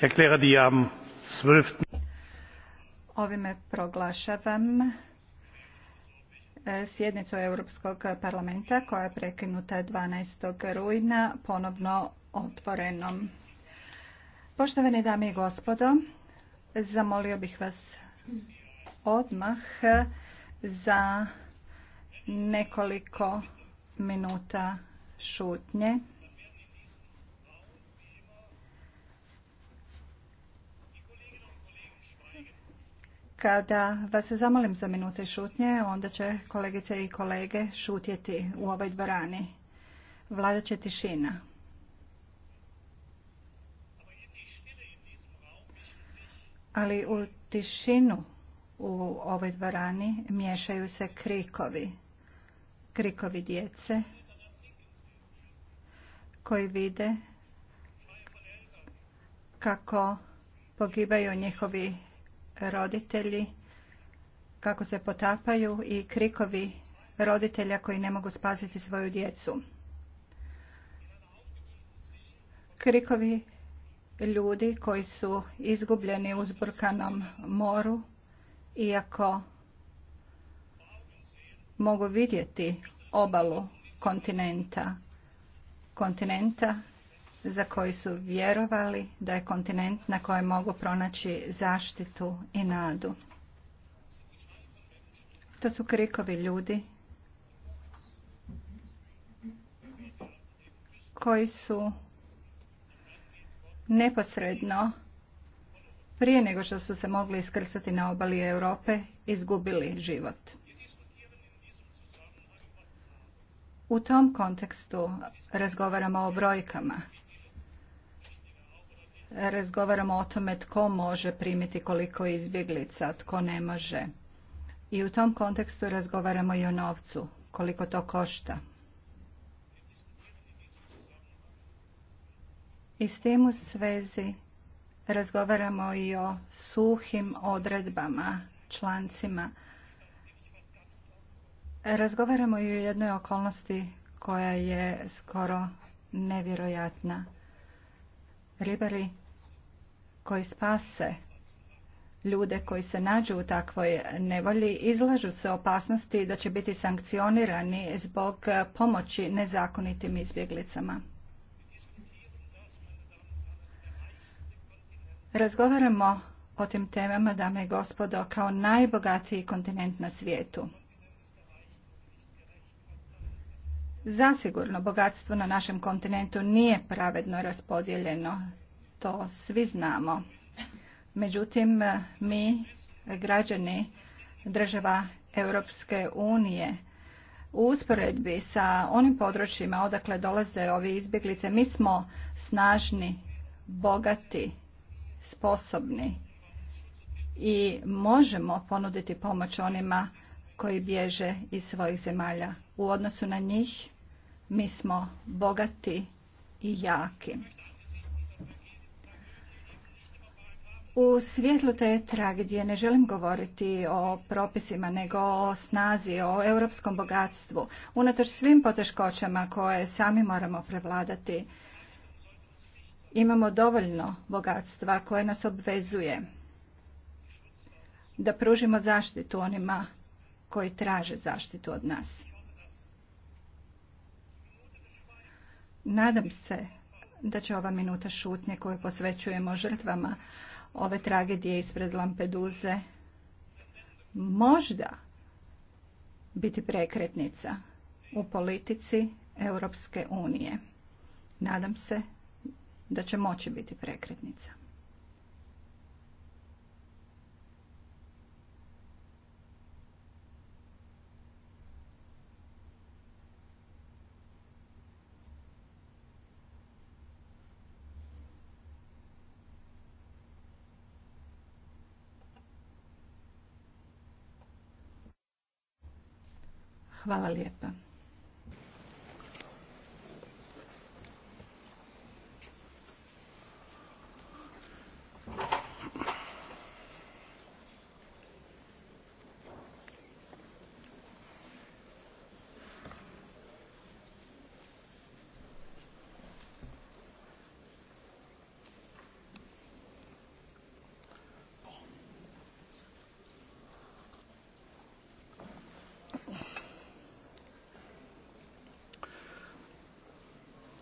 Ich erkläre Ovime proglašavam e, sjednicu Europskog parlamenta koja je prekinuta 12. rujna ponovno otvorenom. Poštovane dame i gospodo, zamolio bih vas odmah za nekoliko minuta šutnje. Kada vas zamolim za minute šutnje, onda će kolegice i kolege šutjeti u ovoj dvorani. Vlada će tišina. Ali u tišinu u ovoj dvorani miješaju se krikovi. Krikovi djece koji vide kako pogibaju njihovi roditelji kako se potapaju i krikovi roditelja koji ne mogu spasiti svoju djecu. Krikovi ljudi koji su izgubljeni u zburkanom moru, iako mogu vidjeti obalu kontinenta, kontinenta za koji su vjerovali da je kontinent na kojem mogu pronaći zaštitu i nadu. To su krikovi ljudi koji su neposredno prije nego što su se mogli iskrcati na obali Europe izgubili život. U tom kontekstu razgovaramo o brojkama razgovaramo o tome tko može primiti koliko izbjeglica, tko ne može. I u tom kontekstu razgovaramo i o novcu, koliko to košta. I s tim u svezi razgovaramo i o suhim odredbama, člancima. Razgovaramo i o jednoj okolnosti koja je skoro nevjerojatna ribari koji spase ljude koji se nađu u takvoj nevolji izlažu se opasnosti da će biti sankcionirani zbog pomoći nezakonitim izbjeglicama. Razgovaramo o tim temama, dame i gospodo, kao najbogatiji kontinent na svijetu. Zasigurno bogatstvo na našem kontinentu nije pravedno raspodijeljeno, to svi znamo. Međutim, mi, građani država Europske unije, u usporedbi sa onim područjima odakle dolaze ovi izbjeglice, mi smo snažni, bogati, sposobni i možemo ponuditi pomoć onima koji bježe iz svojih zemalja. U odnosu na njih mi smo bogati i jaki. U svjetlu te tragedije ne želim govoriti o propisima, nego o snazi, o europskom bogatstvu. Unatoč svim poteškoćama koje sami moramo prevladati, imamo dovoljno bogatstva koje nas obvezuje da pružimo zaštitu onima koji traže zaštitu od nas. Nadam se da će ova minuta šutnje koju posvećujemo žrtvama ove tragedije ispred Lampeduze možda biti prekretnica u politici Europske unije. Nadam se da će moći biti prekretnica. Hvala lijepa.